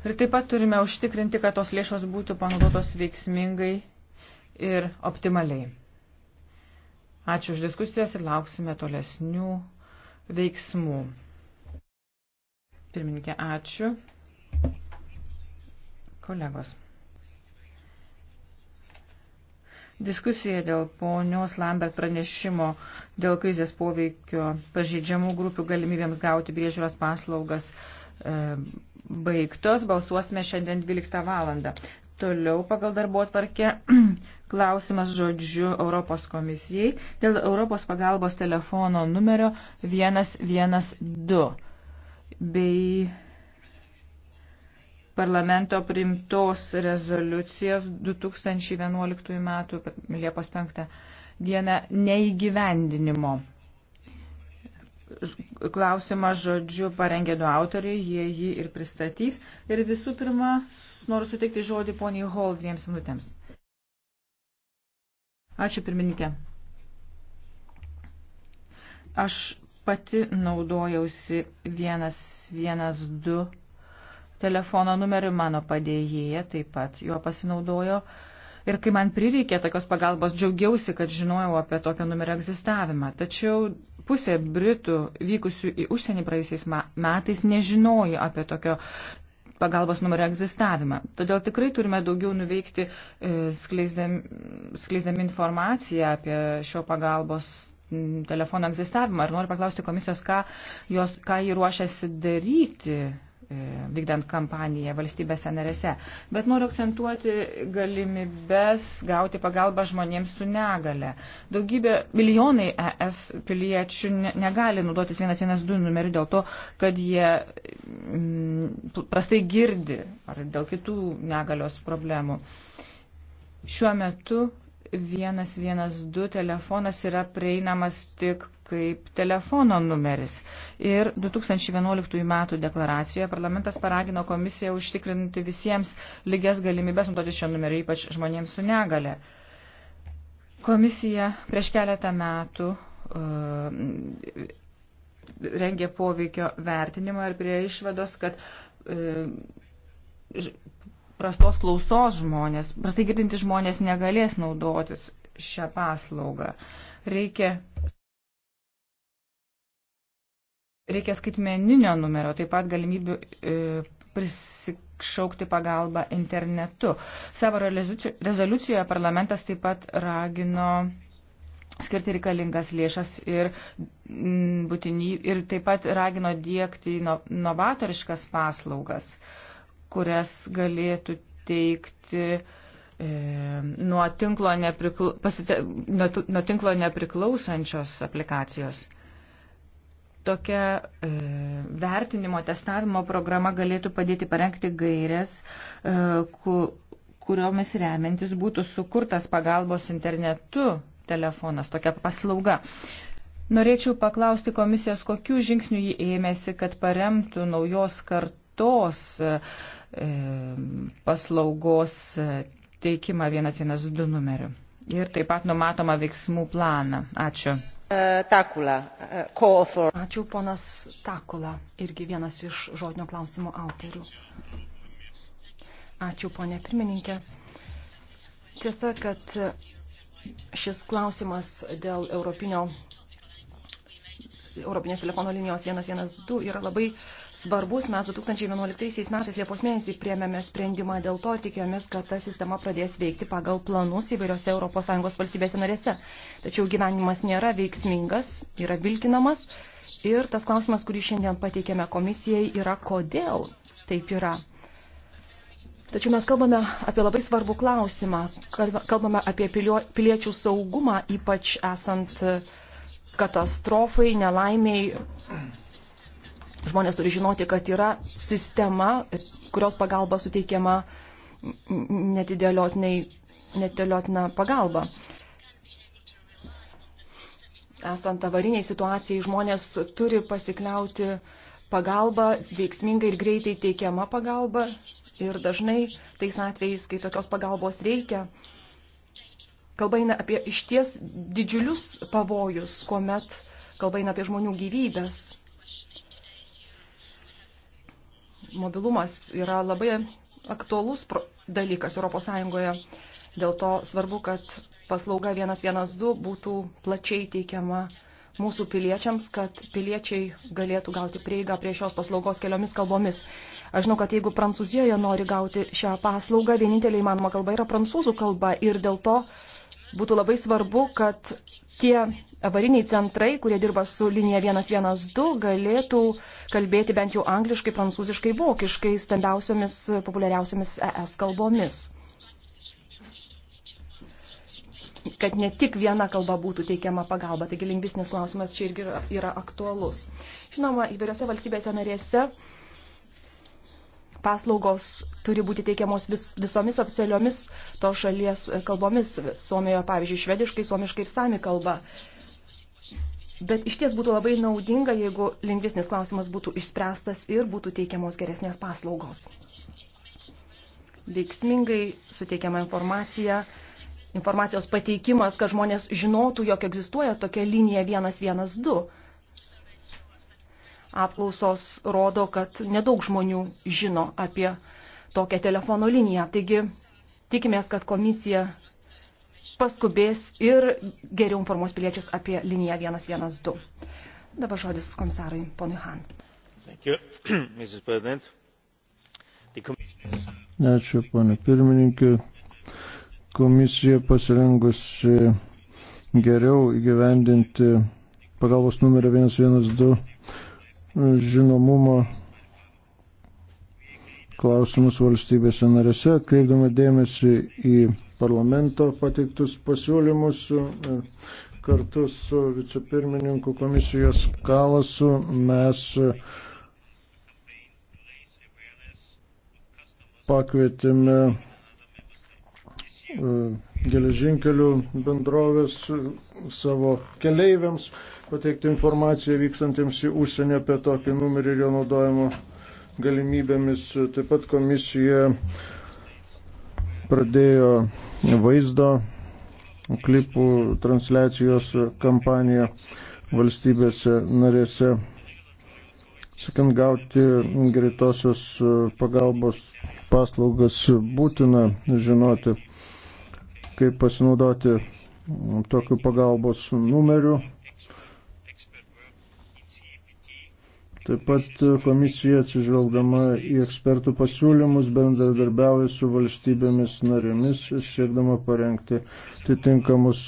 Ir taip pat turime užtikrinti, kad tos lėšos būtų panaudotos veiksmingai ir optimaliai. Ačiū už diskusijas ir lauksime tolesnių veiksmų. Pirmininkė, ačiū. Kolegos. Diskusija dėl ponios Lambert pranešimo dėl krizės poveikio pažeidžiamų grupių galimybėms gauti priežiūros paslaugas E, baigtos, balsuosime šiandien 12 valandą. Toliau pagal darbo atvarkę klausimas žodžiu Europos komisijai dėl Europos pagalbos telefono numerio 112 bei parlamento primtos rezoliucijos 2011 m. Liepos 5 dieną neįgyvendinimo. Klausimą žodžiu parengė du autoriai, jie jį ir pristatys. Ir visų pirma, noriu suteikti žodį poniai Hall dviems minutėms. Ačiū pirmininkė. Aš pati naudojausi 112 telefono numeriu, mano padėjėja taip pat juo pasinaudojo. Uh, Ir kai man prireikė tokios pagalbos, džiaugiausi, kad žinojau apie tokio numerio egzistavimą. Tačiau pusė Britų vykusių į užsienį praėjusiais metais nežinojo apie tokio pagalbos numerio egzistavimą. Todėl tikrai turime daugiau nuveikti e, skleisdami, skleisdami informaciją apie šio pagalbos telefono egzistavimą. Ir noriu paklausti komisijos, ką, jos, ką jį ruošiasi daryti E, vykdant kampaniją valstybėse narėse. Bet noriu akcentuoti galimybės gauti pagalbą žmonėms su negale. Daugybė milijonai ES piliečių negali naudotis 112 numeriu dėl to, kad jie mm, prastai girdi ar dėl kitų negalios problemų. Šiuo metu 112 telefonas yra prieinamas tik kaip telefono numeris. Ir 2011 m. deklaracijoje parlamentas paragino komisiją užtikrinti visiems lygias galimybės naudoti šio numerį, ypač žmonėms su negale. Komisija prieš keletą metų uh, rengė poveikio vertinimą ir prie išvados, kad uh, prastos klausos žmonės, prastai girdinti žmonės negalės naudotis šią paslaugą. Reikia Reikia skaitmeninio numerio, taip pat galimybių e, prisikšaukti pagalbą internetu. Savo rezoliucijoje parlamentas taip pat ragino skirti reikalingas lėšas ir, būtiny, ir taip pat ragino dėkti novatoriškas paslaugas, kurias galėtų teikti e, nuo, tinklo neprikla, pasite, nuo, nuo tinklo nepriklausančios aplikacijos tokia e, vertinimo testavimo programa galėtų padėti parengti gairias, e, ku, kuriomis remiantis būtų sukurtas pagalbos internetu telefonas, tokia paslauga. Norėčiau paklausti komisijos, kokių žingsnių jį ėmėsi, kad paremtų naujos kartos e, paslaugos e, teikimą 112 numeriu. Ir taip pat numatoma veiksmų planą. Ačiū. Takula. For... Ačiū ponas Takula, irgi vienas iš žodinio klausimo autorių. Ačiū ponė pirmininkė. Tiesa, kad šis klausimas dėl europinio Europinės telefono linijos 112 yra labai svarbus. Mes 2011 metais Liepos mėnesį priemėme sprendimą, dėl to tikėjomės, kad ta sistema pradės veikti pagal planus įvairiose ES valstybėse narėse. Tačiau gyvenimas nėra veiksmingas, yra vilkinamas ir tas klausimas, kurį šiandien pateikėme komisijai, yra kodėl taip yra. Tačiau mes kalbame apie labai svarbų klausimą. Kalbame apie piliečių saugumą, ypač esant katastrofai, nelaimiai, Žmonės turi žinoti, kad yra sistema, kurios pagalba suteikiama netidėliotina pagalba. Esant avariniai situacijai, žmonės turi pasikliauti pagalba, veiksmingai ir greitai teikiama pagalba. Ir dažnai tais atvejais, kai tokios pagalbos reikia, kalba eina apie išties didžiulius pavojus, kuomet kalba eina apie žmonių gyvybės. mobilumas yra labai aktualus dalykas ES. Dėl to svarbu, kad paslauga 112 būtų plačiai teikiama mūsų piliečiams, kad piliečiai galėtų gauti prieigą prie šios paslaugos keliomis kalbomis. Aš žinau, kad jeigu Prancūzijoje nori gauti šią paslaugą, vienintelė įmanoma kalba yra prancūzų kalba ir dėl to būtų labai svarbu, kad tie avariniai centrai, kurie dirba su linija 112, galėtų kalbėti bent jau angliškai, prancūziškai, vokiškai, stambiausiamis, populiariausiamis ES kalbomis. Kad ne tik viena kalba būtų teikiama pagalba, taigi lingvistinis klausimas čia irgi yra, yra aktualus. Žinoma, įvairiose valstybėse narėse paslaugos turi būti teikiamos vis, visomis oficialiomis to šalies kalbomis. Suomijoje, pavyzdžiui, švediškai, suomiškai ir sami kalba. Uh, Bet iš ties būtų labai naudinga, jeigu lingvistinis klausimas būtų išspręstas ir būtų teikiamos geresnės paslaugos. Veiksmingai suteikiama informacija, informacijos pateikimas, kad žmonės žinotų, jog egzistuoja tokia linija 112. Apklausos rodo, kad nedaug žmonių žino apie tokią telefono liniją. Taigi tikimės, kad komisija paskubės ir geriau informuos piliečius apie liniją 112. Dabar žodis komisarui ponui Han. Ačiū, ponė pirmininkė. Komisija pasirengusi geriau įgyvendinti pagalbos numerio 112 žinomumo klausimus valstybėse narėse, kreipdama dėmesį į parlamento pateiktus pasiūlymus. E, kartu su vicepirmininku komisijos Kalasu mes e, pakvietėme e, geležinkelių bendrovės savo keleiviams pateikti informaciją vykstantiems į užsienį apie tokį numerį ir jo naudojimo galimybėmis. Taip pat komisija pradėjo vaizdo klipų transliacijos kampanija valstybėse narėse. Sakant, gauti greitosios pagalbos paslaugas būtina žinoti, kaip pasinaudoti tokiu pagalbos numeriu Taip pat komisija atsižvelgdama į ekspertų pasiūlymus bendradarbiauja su valstybėmis narėmis, siekdama parengti atitinkamus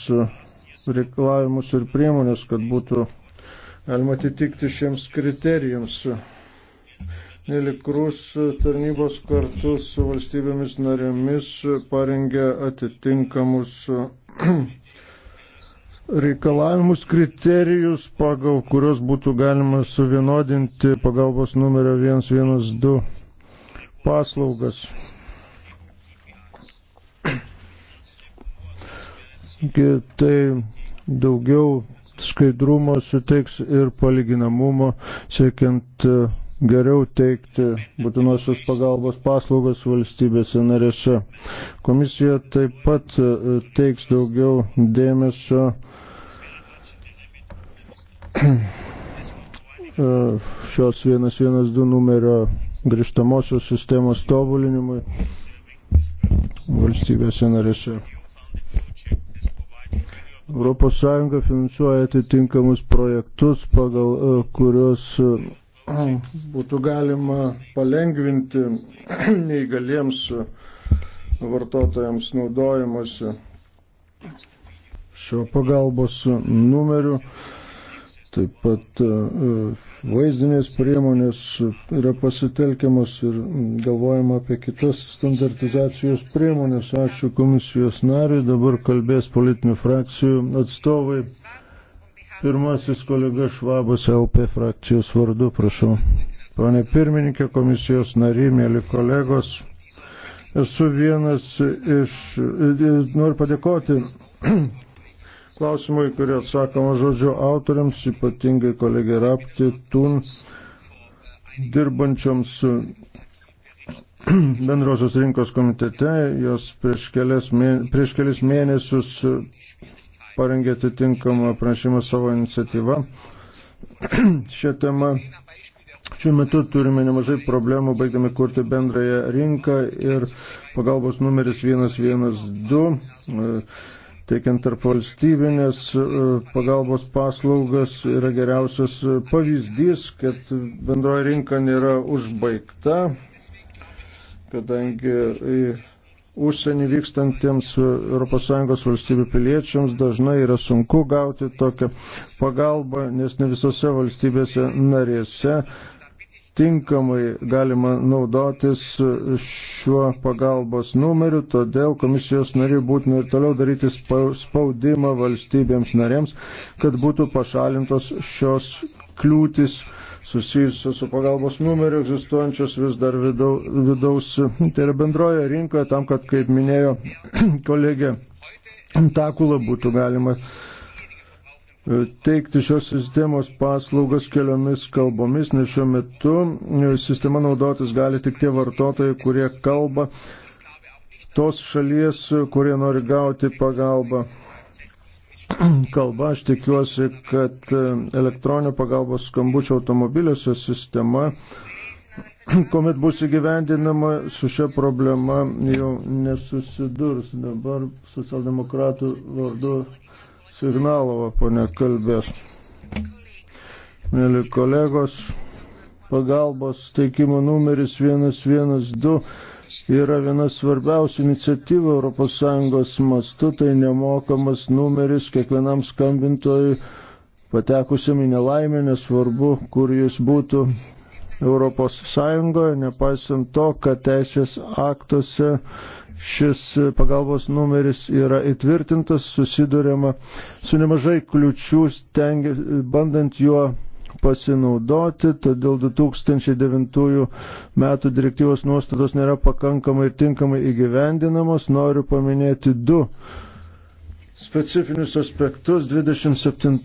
reikalavimus ir priemonės, kad būtų galima atitikti šiems kriterijams. Nelikrus tarnybos kartu su valstybėmis narėmis parengė atitinkamus reikalavimus, kriterijus, pagal kurios būtų galima suvienodinti pagalbos numerio 112 paslaugas. Tai daugiau skaidrumo suteiks ir palyginamumo, siekiant geriau teikti būtinosios pagalbos paslaugas valstybėse narėse. Komisija taip pat e, teiks daugiau dėmesio e, šios 112 numerio grįžtamosios sistemos tobulinimui valstybėse narėse. Europos Sąjunga finansuoja atitinkamus projektus, pagal e, kuriuos būtų galima palengvinti neįgaliems vartotojams naudojimuose šio pagalbos numeriu. Taip pat e, vaizdinės priemonės yra pasitelkiamas ir galvojama apie kitas standartizacijos priemonės. Ačiū komisijos nariui, dabar kalbės politinių frakcijų atstovai. Pirmasis kolega Švabas LP frakcijos vardu, prašau. Pane pirmininkė, komisijos nariai, mėly kolegos, esu vienas iš, e, noriu padėkoti klausimui, kurį atsakoma žodžio autoriams, ypatingai kolegė Rapti Tun, dirbančioms bendrosios rinkos komitete, jos prieš, mė, prieš kelias mėnesius parengė atitinkamą pranešimą savo iniciatyvą. Šią temą šiuo metu turime nemažai problemų, baigdami kurti bendrąją rinką ir pagalbos numeris 112 e, teikiant tarp valstybinės e, pagalbos paslaugas yra geriausias pavyzdys, kad bendroji rinka nėra užbaigta, kadangi užsienį vykstantiems ES valstybių piliečiams dažnai yra sunku gauti tokią pagalbą, nes ne visose valstybėse narėse tinkamai galima naudotis šiuo pagalbos numeriu, todėl komisijos nariai būtina ir toliau daryti spaudimą valstybėms narėms, kad būtų pašalintos šios kliūtis susijusios su pagalbos numeriu egzistuojančios vis dar vidau, vidaus, tai yra bendroje rinkoje, tam, kad, kaip minėjo kolegė Takula, būtų galima e, teikti šios sistemos paslaugas keliomis kalbomis, nes šiuo metu e, sistema naudotis gali tik tie vartotojai, kurie kalba tos šalies, kurie nori gauti pagalbą kalba. Aš tikiuosi, kad e, elektroninio pagalbos skambučio automobiliuose sistema, kuomet bus įgyvendinama, su šia problema jau nesusidurs. Dabar socialdemokratų vardu Signalova ponė kalbės. Mėly kolegos, pagalbos teikimo numeris 112 yra viena svarbiausių iniciatyvų ES mastu, tai nemokamas numeris kiekvienam skambintojui patekusiam į nelaimę, nesvarbu, kur jis būtų Europos Sąjungoje, nepaisant to, kad teisės aktuose šis pagalbos numeris yra įtvirtintas, susidurima su nemažai kliučių, stengi, bandant juo pasinaudoti, todėl 2009 metų direktyvos nuostatos nėra pakankamai ir tinkamai įgyvendinamos. Noriu paminėti du specifinius aspektus. 27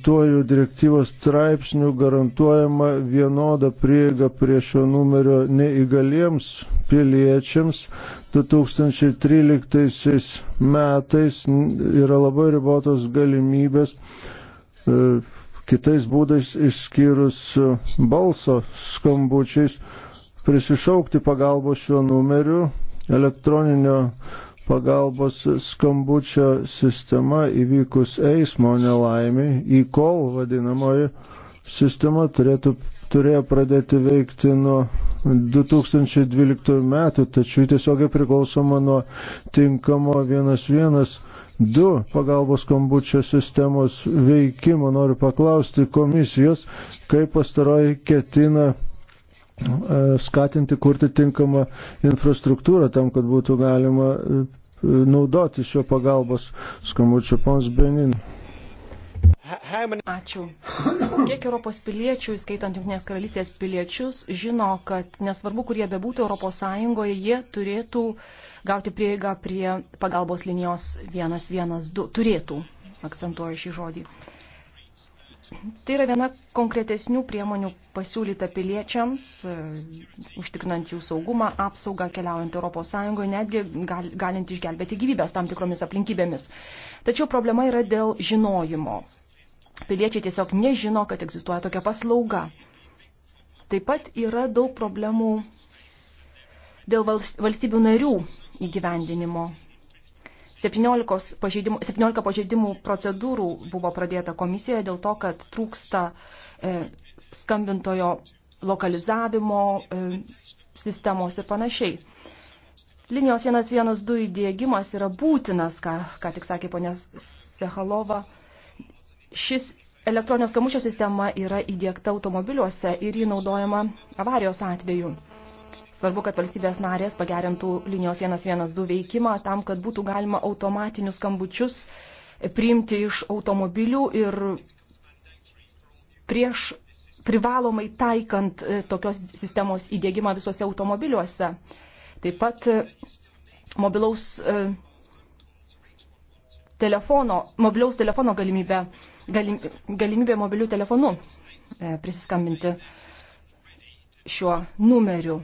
direktyvos straipsnių garantuojama vienoda prieiga prie šio numerio neįgaliems piliečiams. 2013 metais yra labai ribotos galimybės e, kitais būdais išskyrus e, balso skambučiais prisišaukti pagalbos šiuo numeriu. Elektroninio pagalbos skambučio sistema įvykus eismo nelaimiai, e-call vadinamoji sistema turėtų, turėjo pradėti veikti nuo 2012 metų, tačiau tiesiogiai priklausoma nuo tinkamo vienas vienas du pagalbos skambučio sistemos veikimo. Noriu paklausti komisijos, kaip pastaroji ketina e, skatinti kurti tinkamą infrastruktūrą tam, kad būtų galima e, naudoti šio pagalbos skambučio pons Benin. Ačiū. Kiek Europos piliečių, skaitant Junktinės karalystės piliečius, žino, kad nesvarbu, kurie bebūtų Europos Sąjungoje, jie turėtų gauti prieigą prie pagalbos linijos 112. Turėtų, akcentuoju šį žodį. Tai yra viena konkretesnių priemonių pasiūlyta piliečiams, užtikrinant jų saugumą, apsaugą keliaujant Europos Sąjungoje, netgi gal, galint išgelbėti gyvybės tam tikromis aplinkybėmis. Tačiau problema yra dėl žinojimo. Piliečiai tiesiog nežino, kad egzistuoja tokia paslauga. Taip pat yra daug problemų dėl valstybių narių įgyvendinimo. 17 pažeidimų, 17 pažeidimų procedūrų buvo pradėta komisijoje dėl to, kad trūksta e, skambintojo lokalizavimo e, sistemos ir panašiai. Linijos 112 įdėgymas yra būtinas, ką, ką tik sakė ponė Sehalova. Šis elektroninio skambučio sistema yra įdėkta automobiliuose ir jį naudojama avarijos atveju. Svarbu, kad valstybės narės pagerintų linijos 112 veikimą tam, kad būtų galima automatinius skambučius priimti iš automobilių ir prieš privalomai taikant e, tokios sistemos įdėgymą visose automobiliuose. Taip pat e, mobilaus e, telefono, mobilaus telefono galimybę, galimybę mobilių telefonų e, prisiskambinti šiuo numeriu.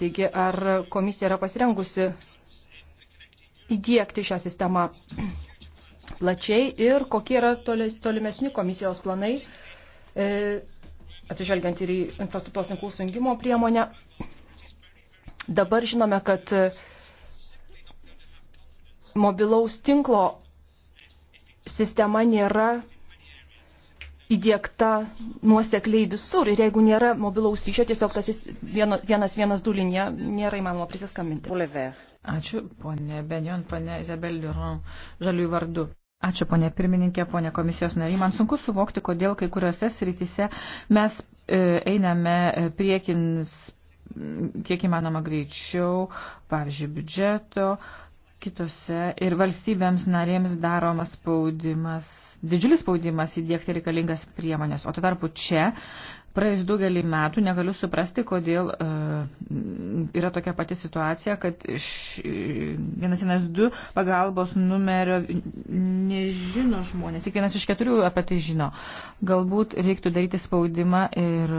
Taigi, ar komisija yra pasirengusi įdėkti šią sistemą plačiai ir kokie yra tolimesni komisijos planai, atsižvelgiant ir į infrastruktūros tinklų sujungimo priemonę Dabar žinome, kad mobilaus tinklo sistema nėra įdėkta nuosekliai visur ir jeigu nėra mobilaus ryšio, tiesiog tas vienas vienas du linija nėra įmanoma prisiskambinti. Ačiū, ponė Benjon, ponė Izabel Duron, žaliųjų vardu. Ačiū, ponė pirmininkė, ponė komisijos nariai. Man sunku suvokti, kodėl kai kuriuose srityse mes e, einame e, priekin kiek įmanoma greičiau, pavyzdžiui, biudžeto, kitose ir valstybėms narėms daromas spaudimas, didžiulis spaudimas įdėkti reikalingas priemonės. O tuo tarpu čia Praėjus daugelį metų negaliu suprasti, kodėl e, yra tokia pati situacija, kad 112 pagalbos numerio nežino žmonės. Tik vienas iš keturių apie tai žino. Galbūt reiktų daryti spaudimą ir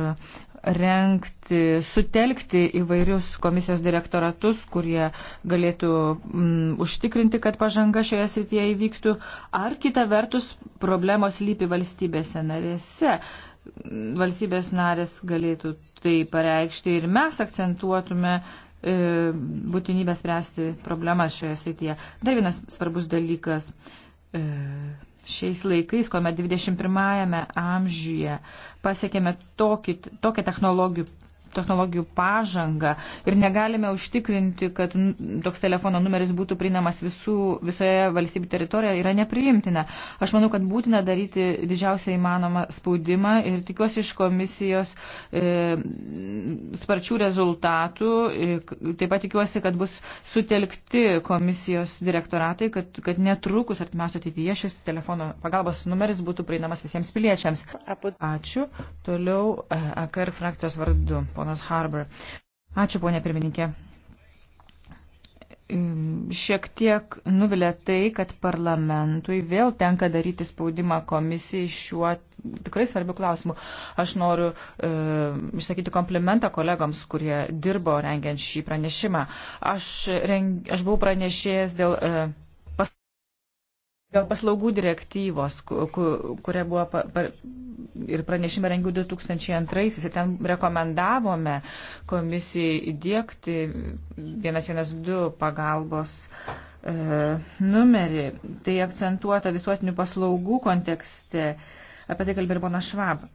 renkti, sutelkti įvairius komisijos direktoratus, kurie galėtų m, užtikrinti, kad pažanga šioje srityje įvyktų. Ar kita vertus problemos lypi valstybėse narėse? valstybės narės galėtų tai pareikšti ir mes akcentuotume e, būtinybę spręsti problemas šioje srityje. Dar vienas svarbus dalykas e, šiais laikais, kuomet 21-ame amžiuje pasiekėme tokį, tokią technologijų technologijų pažangą ir negalime užtikrinti, kad toks telefono numeris būtų prieinamas visų, visoje valstybių teritorijoje, yra nepriimtina. Aš manau, kad būtina daryti didžiausią įmanomą spaudimą ir tikiuosi iš komisijos e, sparčių rezultatų. E, taip pat tikiuosi, kad bus sutelkti komisijos direktoratai, kad, kad netrukus artimiausio ateityje šis telefono pagalbos numeris būtų prieinamas visiems piliečiams. Ačiū. Toliau e, AKR frakcijos vardu ponas Harbour. Ačiū, ponė pirmininkė. Šiek tiek nuvilia tai, kad parlamentui vėl tenka daryti spaudimą komisijai šiuo tikrai svarbiu klausimu. Aš noriu e, išsakyti komplimentą kolegams, kurie dirbo rengiant šį pranešimą. Aš, reng, aš buvau pranešėjęs dėl. E, Dėl paslaugų direktyvos, kuria buvo pa, pa, ir pranešime rengiu 2002, ir ten rekomendavome komisijai įdėkti 112 pagalbos e, numerį. Tai akcentuota visuotinių paslaugų kontekste. Apie tai kalbėjo ponas Švab.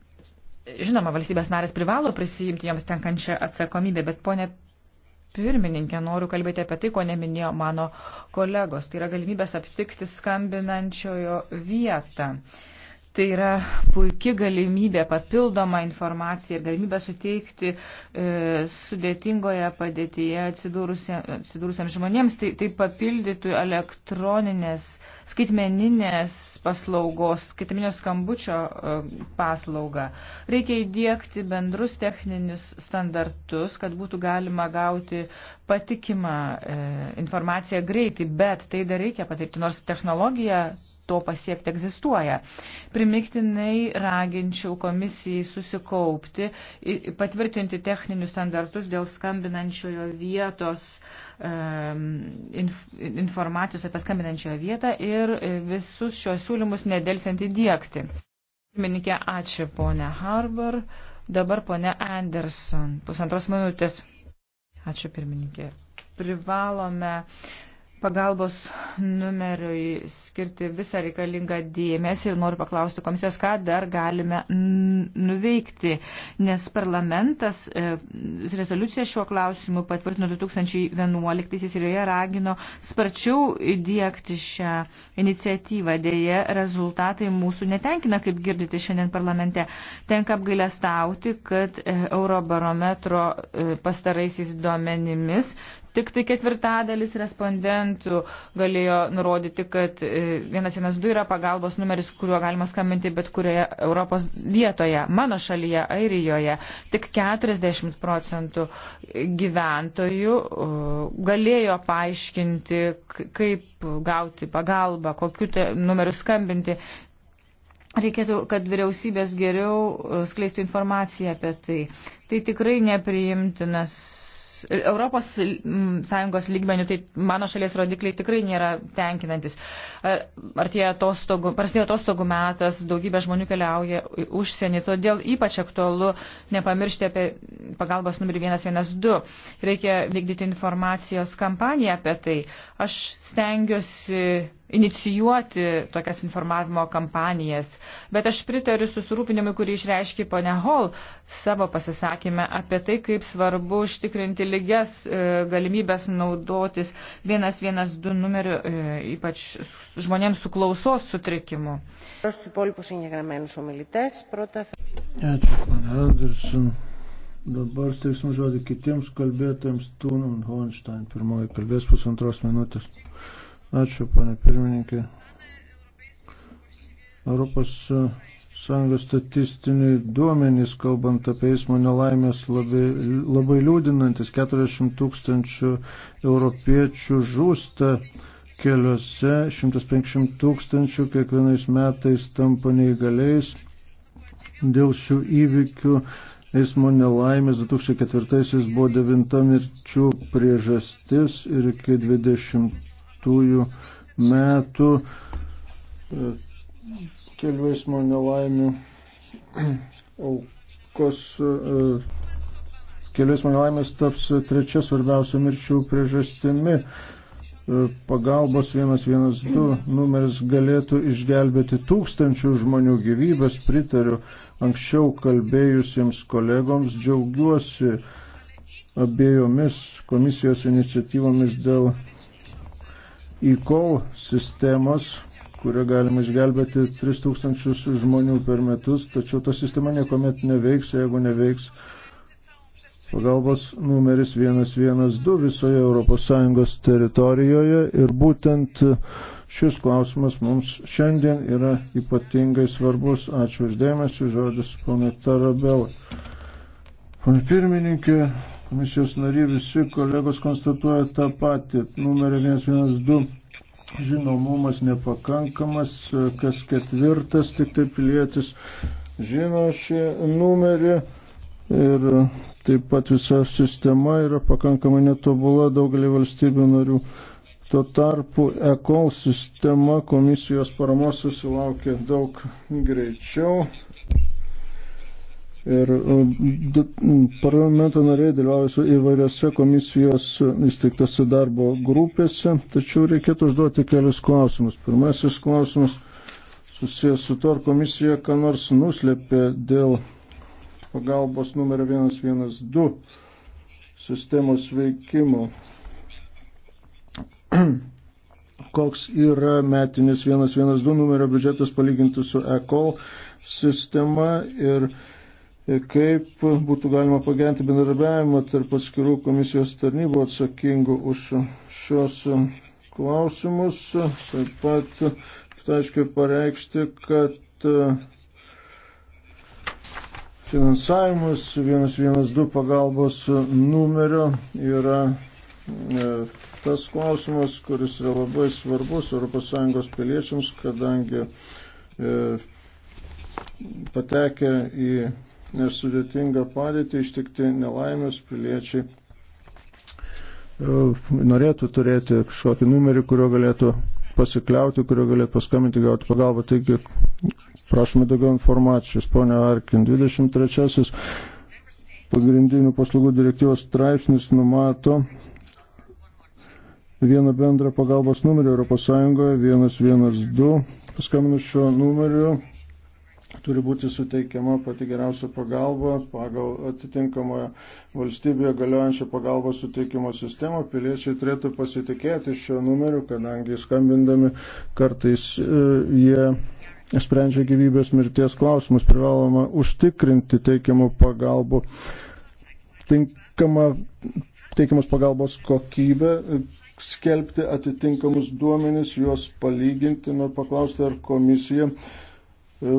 Žinoma, valstybės narės privalo prisijimti joms tenkančią atsakomybę, bet ponė pirmininkė, noriu kalbėti apie tai, ko neminėjo mano kolegos. Tai yra galimybės aptikti skambinančiojo vietą. Uh, Tai yra puikia galimybė, papildoma informacija ir galimybė suteikti e, sudėtingoje padėtyje atsidūrusiems žmonėms. Tai, tai papildytų elektroninės, skaitmeninės paslaugos, skaitmeninio skambučio e, paslaugą. Reikia įdėkti bendrus techninius standartus, kad būtų galima gauti patikimą e, informaciją greitai, bet tai dar reikia pateikti, nors technologija to pasiekti egzistuoja. Primiktinai raginčiau komisijai susikaupti, patvirtinti techninius standartus dėl skambinančiojo vietos informacijos apie skambinančiojo vietą ir e, visus šios siūlymus nedelsiant įdėkti. Pirmininkė, ačiū ponė Harbour. Dabar ponė Anderson. Pusantros minutės. Ačiū pirmininkė. Privalome pagalbos numeriui skirti visą reikalingą dėmesį ir noriu paklausti komisijos, ką dar galime nuveikti, nes parlamentas e, rezoliuciją šiuo klausimu patvirtino 2011 ir joje ragino sparčiau įdėkti šią iniciatyvą. Dėje rezultatai mūsų netenkina, kaip girdite šiandien parlamente. Tenka apgailestauti, kad e, Eurobarometro e, pastaraisiais duomenimis Tik tai ketvirtadalis respondentų galėjo nurodyti, kad 112 e, yra pagalbos numeris, kuriuo galima skambinti bet kurioje Europos vietoje. Mano šalyje, Airijoje, tik 40 procentų gyventojų e, galėjo paaiškinti, kaip gauti pagalbą, kokiu numeriu skambinti. Reikėtų, kad vyriausybės geriau e, skleistų informaciją apie tai. Tai tikrai nepriimtinas Europos mm, Sąjungos lygmenių, tai mano šalies rodikliai tikrai nėra tenkinantis. Ar tie atostogų, prasidėjo atostogų metas, daugybė žmonių keliauja užsienį, todėl ypač aktualu nepamiršti apie pagalbos numerį 112. Reikia vykdyti informacijos kampaniją apie tai. Aš stengiuosi inicijuoti tokias informavimo kampanijas. Bet aš pritariu susirūpinimui, kurį išreiškė ponia Hall savo pasisakymę apie tai, kaip svarbu užtikrinti lygias e, galimybės naudotis 112 numeriu, e, ypač žmonėms su klausos sutrikimu. Ačiū, pana Anderson. Dabar teiksim žodį kitiems kalbėtojams Tūnum Honstein. Pirmoji kalbės pusantros minutės. Ačiū, pane pirmininkė. Europos Sąjungos statistiniai duomenys, kalbant apie eismo nelaimės, labai, labai liūdinantis. 40 tūkstančių europiečių žūsta keliuose, 150 tūkstančių kiekvienais metais tampa neįgaliais. Dėl šių įvykių eismo nelaimės 2004 buvo devinta mirčių priežastis ir iki 20 2006 metų e, kelių eismo nelaimių aukos. E, kelių eismo nelaimės taps trečia svarbiausia mirčių priežastimi e, pagalbos 112 numeris galėtų išgelbėti tūkstančių žmonių gyvybės, pritariu anksčiau kalbėjusiems kolegoms, džiaugiuosi abiejomis komisijos iniciatyvomis dėl e-call sistemos, kurią galima išgelbėti 3000 žmonių per metus, tačiau ta sistema niekuomet neveiks, jeigu neveiks pagalbos numeris 112 visoje ES teritorijoje ir būtent šis klausimas mums šiandien yra ypatingai svarbus. Ačiū uždėmesi, žodis ponui Tarabelai. Pane pirmininkė, komisijos nariai, visi kolegos konstatuoja tą patį. Numerio 112 žinomumas nepakankamas, kas ketvirtas tik tai pilietis žino šį numerį. Ir taip pat visa sistema yra pakankamai netobula daugelį valstybių narių. Tuo tarpu ECOL sistema komisijos paramos susilaukė daug greičiau. Ir e, parlamento nariai dalyvauja su įvairiose komisijos įsteigtose darbo grupėse, tačiau reikėtų užduoti kelius klausimus. Pirmasis klausimas susijęs su to, ar komisija ką nors nuslėpė dėl pagalbos numerio 112 sistemos veikimo. Koks yra metinis 112 numerio biudžetas palyginti su ECOL sistema ir kaip būtų galima pagerinti bendradarbiavimą tarp atskirų komisijos tarnybų atsakingų už šios klausimus. Taip pat, aiškiai, pareikšti, kad e, finansavimas 112 pagalbos numerio yra e, tas klausimas, kuris yra labai svarbus ES piliečiams, kadangi e, patekę į sudėtingą padėtį ištikti nelaimės piliečiai e, norėtų turėti kažkokį numerį, kurio galėtų pasikliauti, kurio galėtų paskambinti, gauti pagalbą. Taigi, prašome daugiau informacijos. Pone Arkin, 23 pagrindinių paslaugų direktyvos straipsnis numato vieną bendrą pagalbos numerį Europos Sąjungoje, 112. Paskambinus šiuo numeriu turi būti suteikiama pati geriausia pagalba pagal atitinkamoje valstybėje galiojančią pagalbos suteikimo sistemą. Piliečiai turėtų pasitikėti šiuo numeriu, kadangi skambindami kartais e, jie sprendžia gyvybės mirties klausimus. Privaloma užtikrinti teikiamų pagalbų tinkamą teikiamos pagalbos kokybę, e, skelbti atitinkamus duomenis, juos palyginti, noriu paklausti, ar komisija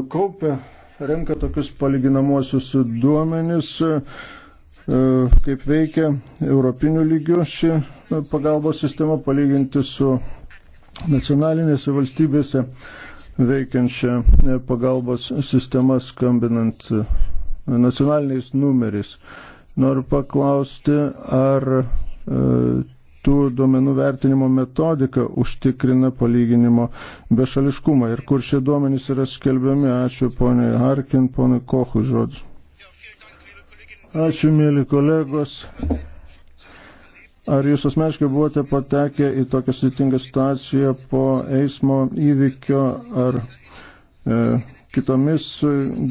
kaupia, renka tokius palyginamosius duomenis, e, kaip veikia europinių lygių ši pagalbos sistema palyginti su nacionalinėse valstybėse veikiančia e, pagalbos sistema skambinant e, nacionaliniais numeriais. Noriu paklausti, ar tų duomenų vertinimo metodika užtikrina palyginimo bešališkumą ir kur šie duomenys yra skelbiami. Ačiū poniai Harkin, poniai Kochų žodžiu. Ačiū, mėly kolegos. Ar jūs asmeniškai buvote patekę į tokią sudėtingą situaciją po eismo įvykio ar e, kitomis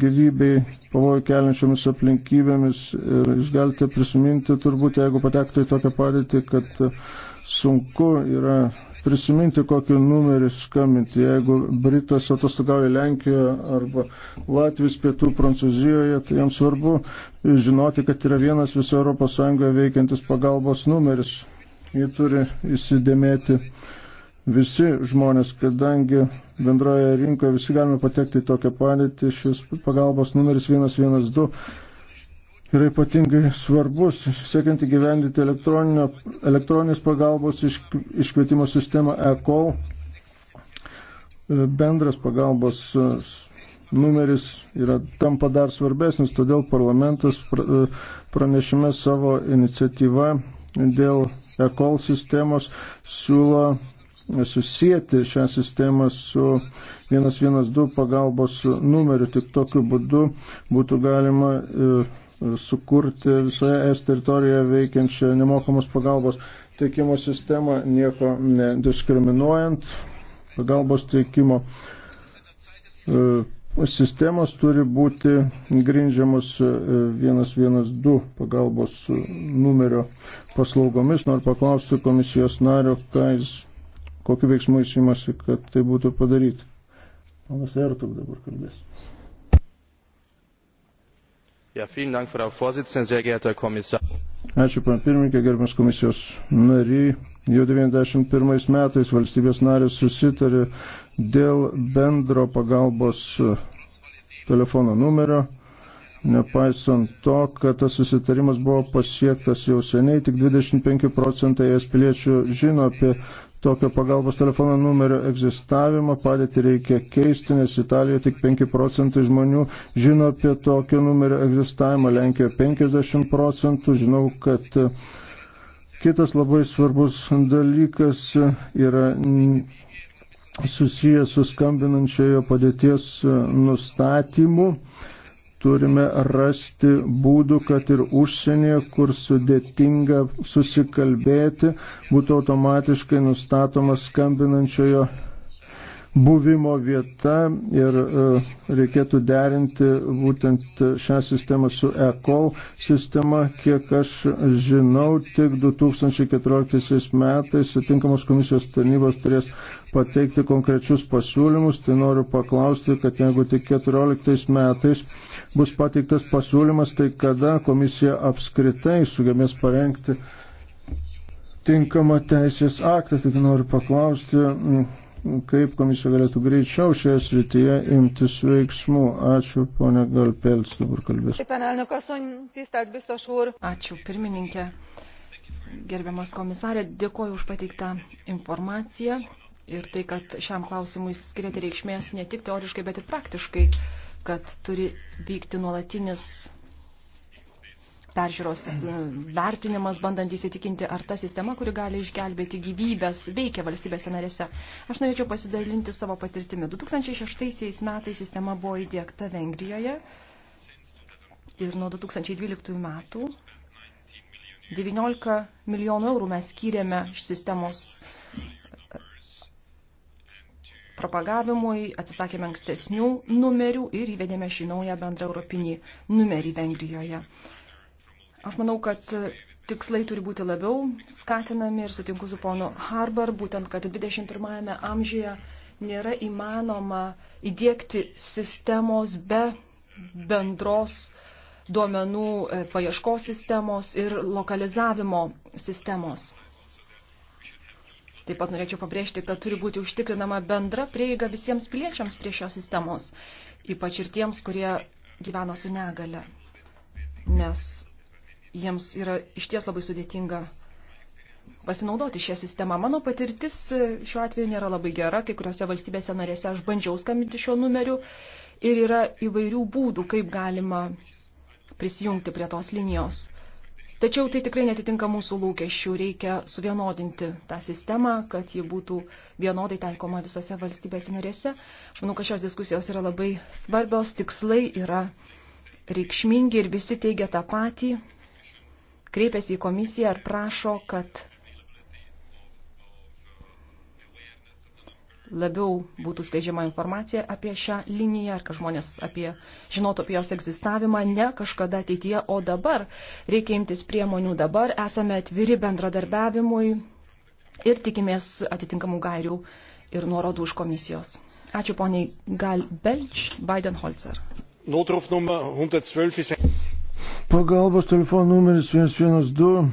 gyvybei pavojų keliančiomis aplinkybėmis. Ir jūs galite prisiminti, turbūt, jeigu patektų į tokią padėtį, kad sunku yra prisiminti, kokį numerį skambinti. Jeigu Britas atostogauja Lenkijoje arba Latvijos pietų Prancūzijoje, tai jam svarbu žinoti, kad yra vienas viso ES veikiantis pagalbos numeris. Jį turi įsidėmėti visi žmonės, kadangi bendroje rinkoje visi galime patekti į tokią padėtį, šis pagalbos numeris 112 yra ypatingai svarbus, siekiant įgyvendyti elektroninės pagalbos iš, iškvietimo sistemą e-call. Bendras pagalbos e, numeris yra tampa dar svarbesnis, todėl parlamentas e, pranešime savo iniciatyvą dėl e-call sistemos siūlo susijęti šią sistemą su 112 pagalbos numeriu. Tik tokiu būdu būtų galima e, sukurti visoje es teritorijoje veikiančią nemokamos pagalbos teikimo sistemą, nieko nediskriminuojant. Pagalbos teikimo e, sistemos turi būti grindžiamos 112 e, pagalbos numerio paslaugomis. Noriu paklausti komisijos nario, ką jis kokiu veiksmu įsimasi, kad tai būtų padaryti. Panas Ertuk dabar kalbės. Ja, vielen Dank, Frau Vorsitzende, sehr geehrter Kommissar. Ačiū, pan pirmininkė, gerbiamas komisijos nariai. Jau 91 metais valstybės narės susitarė dėl bendro pagalbos e, telefono numerio. Nepaisant to, kad tas susitarimas buvo pasiektas jau seniai, tik 25 procentai es piliečių žino apie tokio pagalbos telefono numerio egzistavimą, padėtį reikia keisti, nes Italijoje tik 5 procentai žmonių žino apie tokio numerio egzistavimą, Lenkijoje 50 procentų. Žinau, kad e, kitas labai svarbus dalykas e, yra susijęs su skambinančiojo padėties e, nustatymu turime rasti būdų, kad ir užsienyje, kur sudėtinga susikalbėti, būtų automatiškai nustatoma skambinančiojo buvimo vieta ir e, reikėtų derinti būtent šią sistemą su ECOL sistema. Kiek aš žinau, tik 2014 metais atitinkamos komisijos tarnybos turės pateikti konkrečius pasiūlymus. Tai noriu paklausti, kad jeigu tik 2014 metais bus pateiktas pasiūlymas, tai kada komisija apskritai sugebės parengti tinkamą teisės aktą. Tik noriu paklausti, kaip komisija galėtų greičiau šioje srityje imtis veiksmų. Ačiū, ponia Galpėlis, dabar kalbės. Ačiū, pirmininkė. Gerbiamas komisarė, dėkoju už pateiktą informaciją ir tai, kad šiam klausimui skiriate reikšmės ne tik teoriškai, bet ir praktiškai kad turi vykti nuolatinis peržiūros e, vertinimas, bandant įsitikinti, ar ta sistema, kuri gali išgelbėti gyvybės, veikia valstybėse narėse. Aš norėčiau pasidalinti savo patirtimi. 2006 metais sistema buvo įdėkta Vengrijoje ir nuo 2012 metų 19 milijonų eurų mes skyrėme sistemos propagavimui, atsisakėme ankstesnių numerių ir įvedėme šį naują bendrą europinį numerį Vengrijoje. Aš manau, kad tikslai turi būti labiau skatinami ir sutinku su ponu Harbar, būtent, kad 21 amžiuje nėra įmanoma įdėkti sistemos be bendros duomenų e, paieškos sistemos ir lokalizavimo sistemos. Taip pat norėčiau pabrėžti, kad turi būti užtikrinama bendra prieiga visiems piliečiams prie šios sistemos, ypač ir tiems, kurie gyvena su negale, nes jiems yra išties labai sudėtinga pasinaudoti šią sistemą. Mano patirtis e, šiuo atveju nėra labai gera, kai kuriuose valstybėse narėse aš bandžiau skambinti šiuo numeriu ir yra įvairių būdų, kaip galima prisijungti prie tos linijos. Tačiau tai tikrai netitinka mūsų lūkesčių. Reikia suvienodinti tą sistemą, kad ji būtų vienodai taikoma visose valstybėse narėse. Manau, kad šios diskusijos yra labai svarbios, tikslai yra reikšmingi ir visi teigia tą patį, kreipiasi į komisiją ir prašo, kad labiau būtų skleidžiama informacija apie šią liniją ir kad žmonės apie, žinotų apie jos egzistavimą ne kažkada ateityje, o dabar reikia imtis priemonių dabar, esame atviri bendradarbiavimui ir tikimės atitinkamų gairių ir nuorodų už komisijos. Ačiū poniai Gal Belč, Bidenholzer. Pagalbos telefono numeris 112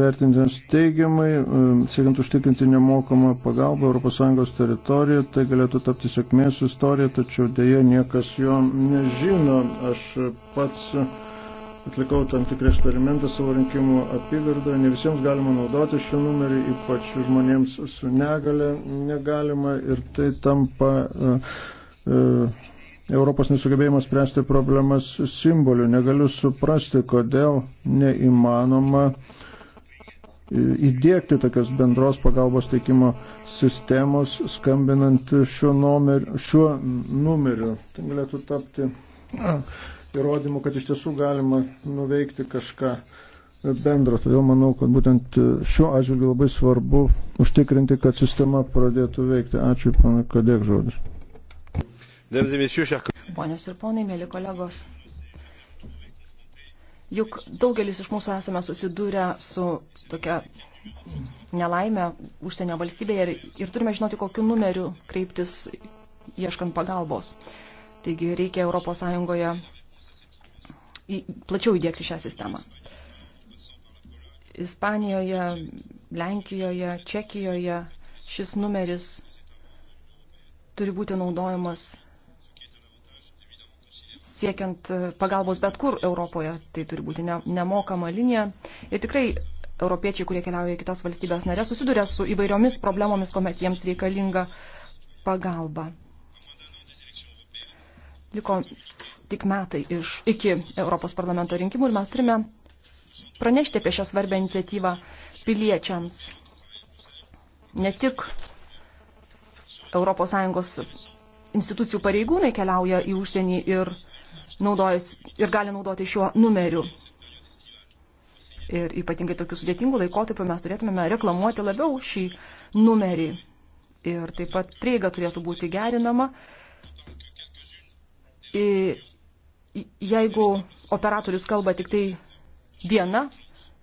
vertintiems teigiamai, siekiant užtikrinti nemokamą pagalbą ES teritorijoje, tai galėtų tapti sėkmės istorija, tačiau dėje niekas jo nežino. Aš pats atlikau tam tikrą eksperimentą savo rinkimų apygardoje, ne visiems galima naudoti šį numerį, ypač žmonėms su negale negalima ir tai tampa. Uh, uh, Europos nesugebėjimas spręsti problemas simboliu. Negaliu suprasti, kodėl neįmanoma e, įdėkti tokios bendros pagalbos teikimo sistemos, skambinant šiuo numeriu. Šiuo numeriu. Tai galėtų tapti įrodymu, kad iš tiesų galima nuveikti kažką bendro. Todėl manau, kad būtent šiuo atžvilgiu labai svarbu užtikrinti, kad sistema pradėtų veikti. Ačiū, pana Kadek žodis. Ponios ir ponai, mėly kolegos, juk daugelis iš mūsų esame susidūrę su tokia nelaimė užsienio valstybėje ir, ir turime žinoti, kokiu numeriu kreiptis ieškant pagalbos. Taigi reikia Europos Sąjungoje į, plačiau įdėkti šią sistemą. Ispanijoje, Lenkijoje, Čekijoje šis numeris turi būti naudojamas siekiant e, pagalbos bet kur Europoje. Tai turi būti ne, nemokama linija. Ir tikrai europiečiai, kurie keliauja į kitas valstybės narės, susiduria su įvairiomis problemomis, kuomet jiems reikalinga pagalba. Liko tik metai iš, iki Europos parlamento rinkimų ir mes turime pranešti apie šią svarbę iniciatyvą piliečiams. Ne tik ES institucijų pareigūnai keliauja į užsienį ir naudojas ir gali naudoti šiuo numeriu. Ir ypatingai tokiu sudėtingu laikotarpiu mes turėtumėme reklamuoti labiau šį numerį. Ir taip pat prieiga turėtų būti gerinama. Ir jeigu operatorius kalba tik tai viena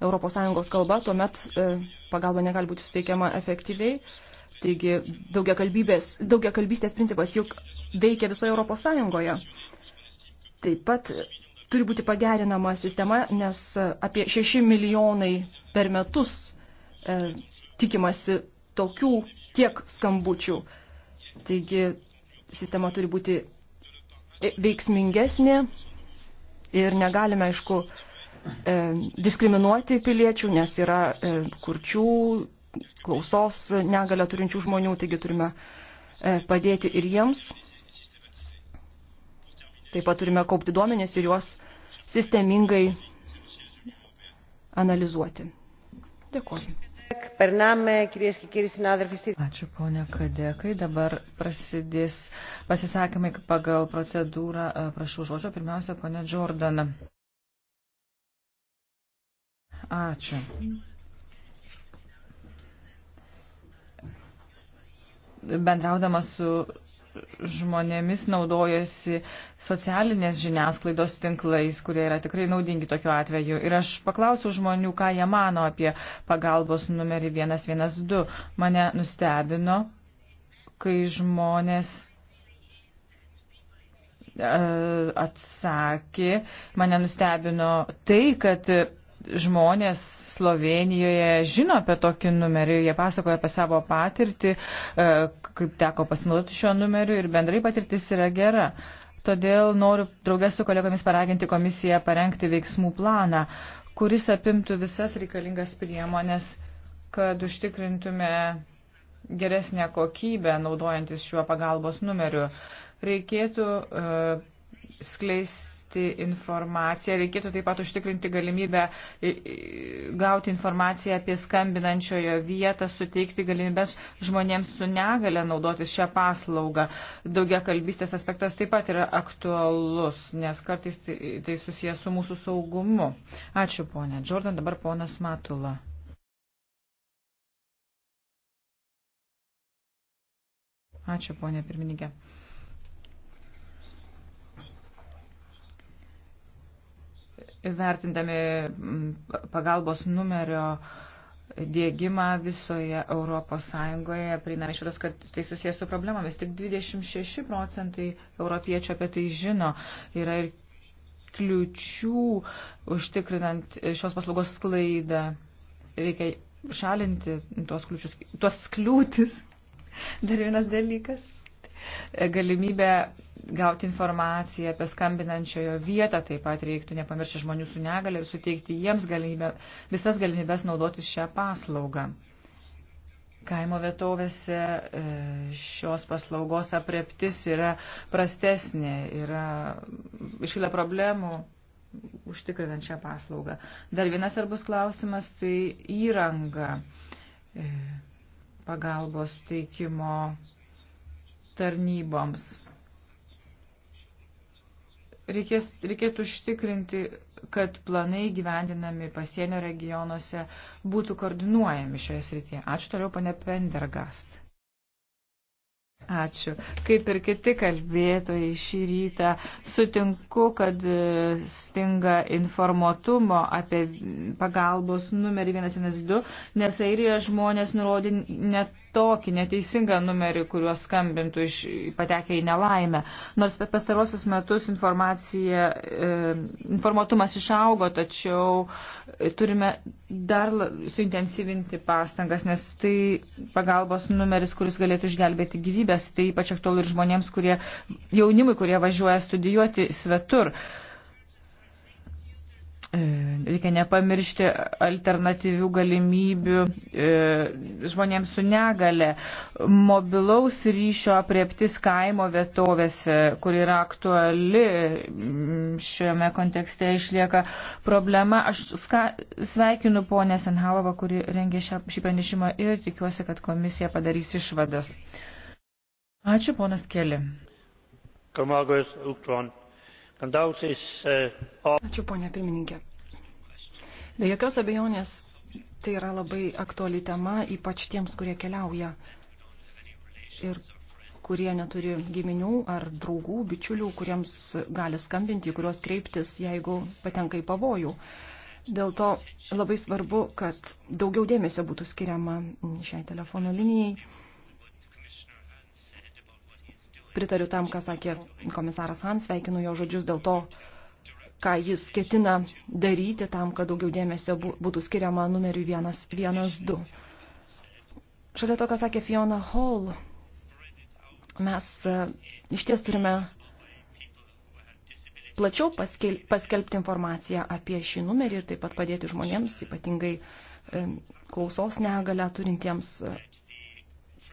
ES kalba, tuomet e, pagalba negali būti suteikiama efektyviai. Taigi daugiakalbystės daugia principas juk veikia visoje ES. Taip pat turi būti pagerinama sistema, nes apie 6 milijonai per metus e, tikimasi tokių tiek skambučių. Taigi sistema turi būti e, veiksmingesnė ir negalime, aišku, e, diskriminuoti piliečių, nes yra e, kurčių, klausos negalę turinčių žmonių, taigi turime e, padėti ir jiems. Taip pat turime kaupti duomenis ir juos sistemingai analizuoti. Dėkuoju. Ačiū, ponia Kadekai. Dabar prasidės pasisakymai pagal procedūrą. E, prašau žodžio. Pirmiausia, ponia Jordan. Ačiū. Bendraudama su žmonėmis naudojasi socialinės žiniasklaidos tinklais, kurie yra tikrai naudingi tokiu atveju. Ir aš paklausiau žmonių, ką jie mano apie pagalbos numerį 112. Mane nustebino, kai žmonės e, atsakė, mane nustebino tai, kad žmonės Slovenijoje žino apie tokį numerį, jie pasakoja apie savo patirtį, e, kaip teko pasinaudoti šiuo numeriu ir bendrai patirtis yra gera. Todėl noriu draugės su kolegomis paraginti komisiją parengti veiksmų planą, kuris apimtų visas reikalingas priemonės, kad užtikrintume geresnę kokybę naudojantis šiuo pagalbos numeriu. Reikėtų uh, e, skleisti gauti informaciją. Reikėtų taip pat užtikrinti galimybę gauti informaciją apie skambinančiojo vietą, suteikti galimybės žmonėms su negale naudotis šią paslaugą. Daugia kalbystės aspektas taip pat yra aktualus, nes kartais tai, tai susijęs su mūsų saugumu. Ačiū, ponė. Jordan, dabar ponas Matula. Ačiū, ponė pirmininkė. vertindami pagalbos numerio dėgymą visoje Europos Sąjungoje, prieiname išvados, kad tai susijęs su problemomis. Tik 26 procentai europiečių apie tai žino. Yra ir kliučių užtikrinant šios paslaugos sklaidą. Reikia šalinti tuos kliučius, tuos kliūtis. Dar vienas dalykas. Galimybė gauti informaciją apie skambinančiojo vietą, taip pat reiktų nepamiršti žmonių su negale ir suteikti jiems galimybę, visas galimybės naudotis šią paslaugą. Kaimo vietovėse e, šios paslaugos apreptis yra prastesnė, yra iškila problemų užtikrinant šią paslaugą. Dar vienas svarbus klausimas - tai įranga e, pagalbos teikimo tarnyboms reikės, reikėtų užtikrinti, kad planai gyvendinami pasienio regionuose būtų koordinuojami šioje srityje. Ačiū toliau, pane Pendergast. Ačiū. Kaip ir kiti kalbėtojai šį rytą, sutinku, kad e, stinga informuotumo apie pagalbos numerį 112, nes airijos žmonės nurodė net tokį neteisingą numerį, kuriuos skambintų iš patekę į nelaimę. Nors per pastarosius metus informacija, e, informatumas išaugo, tačiau e, turime dar suintensyvinti pastangas, nes tai pagalbos numeris, kuris galėtų išgelbėti gyvybės, tai ypač aktualu ir žmonėms, kurie jaunimui, kurie važiuoja studijuoti svetur. Uh, E, reikia nepamiršti alternatyvių galimybių e, žmonėms su negale, mobilaus ryšio apriektis kaimo vietovėse, kur yra aktuali šiame kontekste išlieka problema. Aš ska, sveikinu ponę Senhalovą, kuri rengė šią, šį pranešimą ir tikiuosi, kad komisija padarys išvadas. Ačiū, ponas Keli. Kamagos, Uktron. E, Ačiū, ponė pirmininkė. Be jokios abejonės, tai yra labai aktuali tema, ypač tiems, kurie keliauja ir kurie neturi giminių ar draugų, bičiulių, kuriems gali skambinti, kuriuos kreiptis, jeigu patenka į pavojų. Dėl to labai svarbu, kad daugiau dėmesio būtų skiriama šiai telefono linijai Pritariu tam, ką sakė komisaras Hans, sveikinu jo žodžius dėl to, ką jis ketina daryti tam, kad daugiau dėmesio būtų skiriama numeriu 112. Šalia to, ką sakė Fiona Hall, mes e, iš ties turime plačiau paskelbti informaciją apie šį numerį ir taip pat padėti žmonėms, ypatingai e, klausos negalę turintiems e,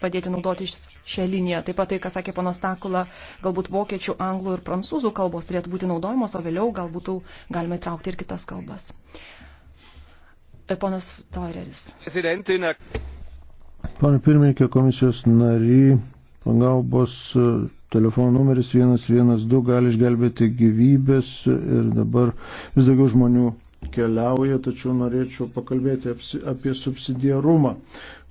padėti naudoti šią liniją. Taip pat tai, ką sakė ponas Takula, galbūt vokiečių, anglų ir prancūzų kalbos turėtų būti naudojamos, o vėliau galbūt galima įtraukti ir kitas kalbas. E, ponas Toireris. Pane pirmininkė, komisijos nary, pagalbos e, telefono numeris 112 gali išgelbėti gyvybės ir dabar vis daugiau žmonių keliauja, tačiau norėčiau pakalbėti apie subsidiarumą.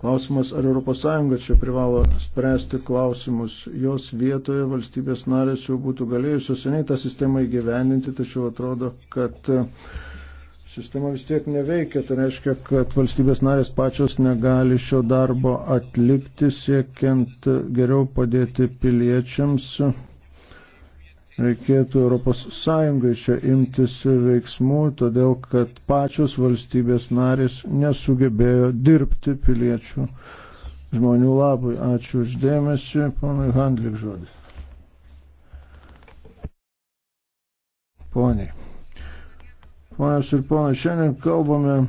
Klausimas, ar ES čia privalo spręsti klausimus. Jos vietoje valstybės narės jau būtų galėjusios seniai tą sistemą įgyvendinti, tačiau atrodo, kad e, sistema vis tiek neveikia. Tai reiškia, kad valstybės narės pačios negali šio darbo atlikti, siekiant geriau padėti piliečiams reikėtų ES čia imtis veiksmų, todėl kad pačios valstybės narės nesugebėjo dirbti piliečių žmonių labui. Ačiū uždėmesi, ponai Handlik žodis. Poniai. Ponios ir ponai, šiandien kalbame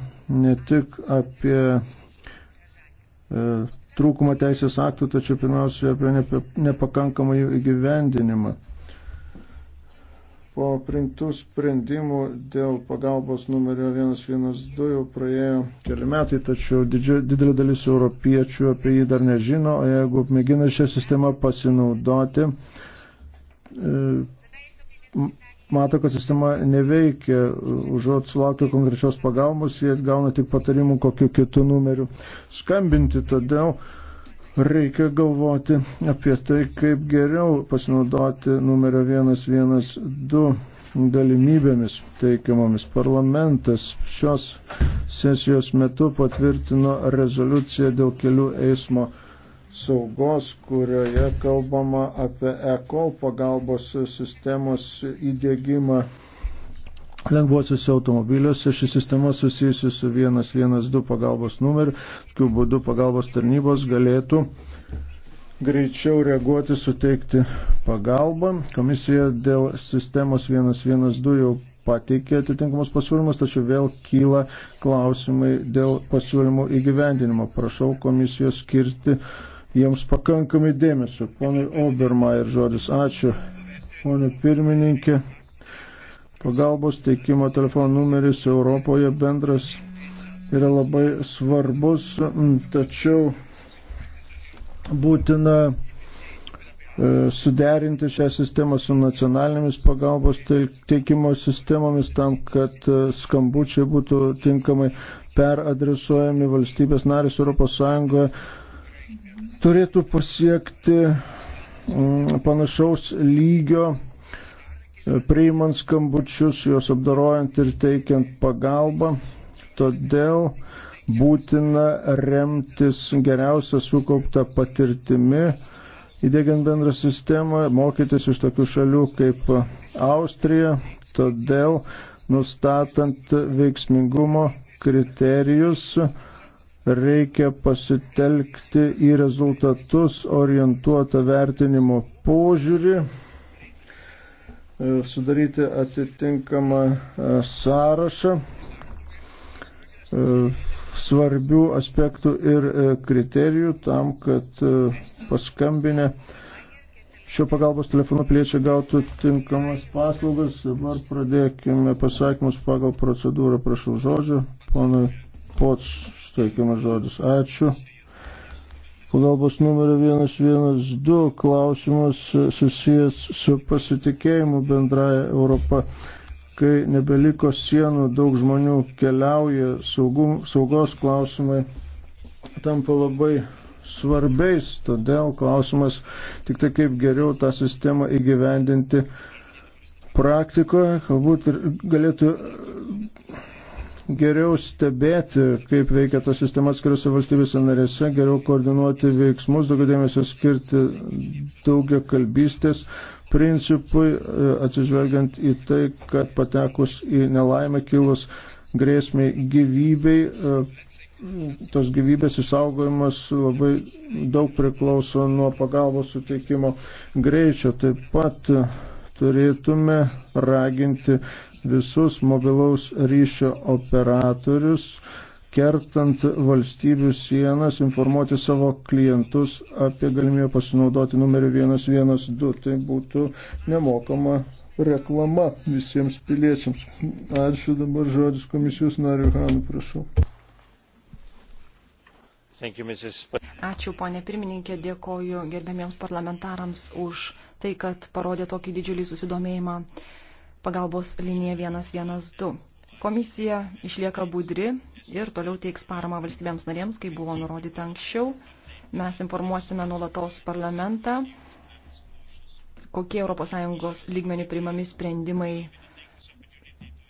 ne tik apie e, trūkumą teisės aktų, tačiau pirmiausia apie nepakankamą jų įgyvendinimą. Po priimtų sprendimų dėl pagalbos numerio 112 jau praėjo keli metai, tačiau didžiu, didelė dalis europiečių apie jį dar nežino, o jeigu mėgina šią sistemą pasinaudoti, e, mato, kad sistema neveikia, užuot sulaukia konkrečios pagalbos, jie gauna tik patarimų kokiu kitu numeriu skambinti, todėl uh, Reikia galvoti apie tai, kaip geriau pasinaudoti numerio 112 galimybėmis teikiamomis. Parlamentas šios sesijos metu patvirtino rezoliuciją dėl kelių eismo saugos, kurioje kalbama apie e-call pagalbos sistemos įdėgymą lengvuosiuose automobiliuose. Ši sistema susijusi su 112 pagalbos numeriu. Tokiu būdu pagalbos tarnybos galėtų greičiau reaguoti, suteikti pagalbą. Komisija dėl sistemos 112 jau pateikė atitinkamus pasiūlymus, tačiau vėl kyla klausimai dėl pasiūlymų įgyvendinimo. Prašau komisijos skirti jiems pakankamai dėmesio. Ponai Oberma ir žodis ačiū. Pone pirmininkė, pagalbos teikimo telefono numeris Europoje bendras yra labai svarbus, tačiau būtina e, suderinti šią sistemą su nacionalinėmis pagalbos teikimo sistemomis tam, kad e, skambučiai būtų tinkamai peradresuojami valstybės narės Europos Sąjungoje turėtų pasiekti panašaus lygio priimant skambučius, juos apdarojant ir teikiant pagalbą. Todėl būtina remtis geriausią sukauptą patirtimi, įdėgiant bendrą sistemą, mokytis iš tokių šalių kaip Austrija. Todėl nustatant veiksmingumo kriterijus reikia pasitelkti į rezultatus orientuotą vertinimo požiūrį E, sudaryti atitinkamą e, sąrašą e, svarbių aspektų ir kriterijų tam, kad paskambinę šio pagalbos telefono piliečiai gautų tinkamas paslaugas. Dabar pradėkime pasakymus pagal procedūrą, prašau žodžio. Ponai Pots, steikiamas žodis. Ačiū pagalbos numerio 112 klausimas e, susijęs su pasitikėjimu bendraja Europa. Kai nebeliko sienų, daug žmonių keliauja, saugum, saugos klausimai tampa labai svarbiais, todėl klausimas tik tai kaip geriau tą sistemą įgyvendinti praktikoje, galbūt ir galėtų geriau stebėti, kaip veikia ta sistema atskiriuose valstybėse narėse, geriau koordinuoti veiksmus, daugiau dėmesio skirti daugia kalbystės principui, e, atsižvelgiant į tai, kad patekus į nelaimę kilus grėsmiai gyvybei, e, tos gyvybės išsaugojimas labai daug priklauso nuo pagalbos suteikimo greičio. Taip pat turėtume raginti visus mobilaus ryšio operatorius, kertant valstybių sienas, informuoti savo klientus apie galimybę pasinaudoti numeriu 112. Tai būtų nemokama reklama visiems piliečiams. Ačiū dabar žodis komisijos nariu Hanu, prašau. Ačiū, ponė pirmininkė, dėkoju gerbėmiems parlamentarams už tai, kad parodė tokį didžiulį susidomėjimą pagalbos linija 112. Komisija išlieka budri ir toliau teiks paramą valstybėms narėms, kaip buvo nurodyta anksčiau. Mes informuosime nuolatos parlamentą, kokie ES lygmenių priimami sprendimai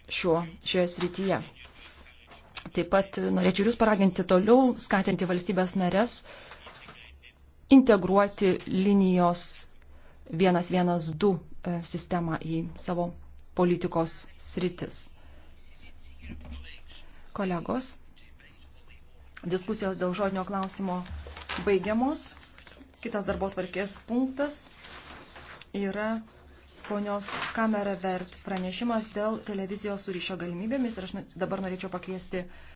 šiuo, šioje srityje. Taip pat norėčiau Jūs paraginti toliau skatinti valstybės narės integruoti linijos 112 e, sistemą į savo politikos sritis. Kolegos, diskusijos dėl žodinio klausimo baigiamos. Kitas darbo tvarkės punktas yra ponios kamera vert pranešimas dėl televizijos su ryšio galimybėmis ir aš dabar norėčiau pakviesti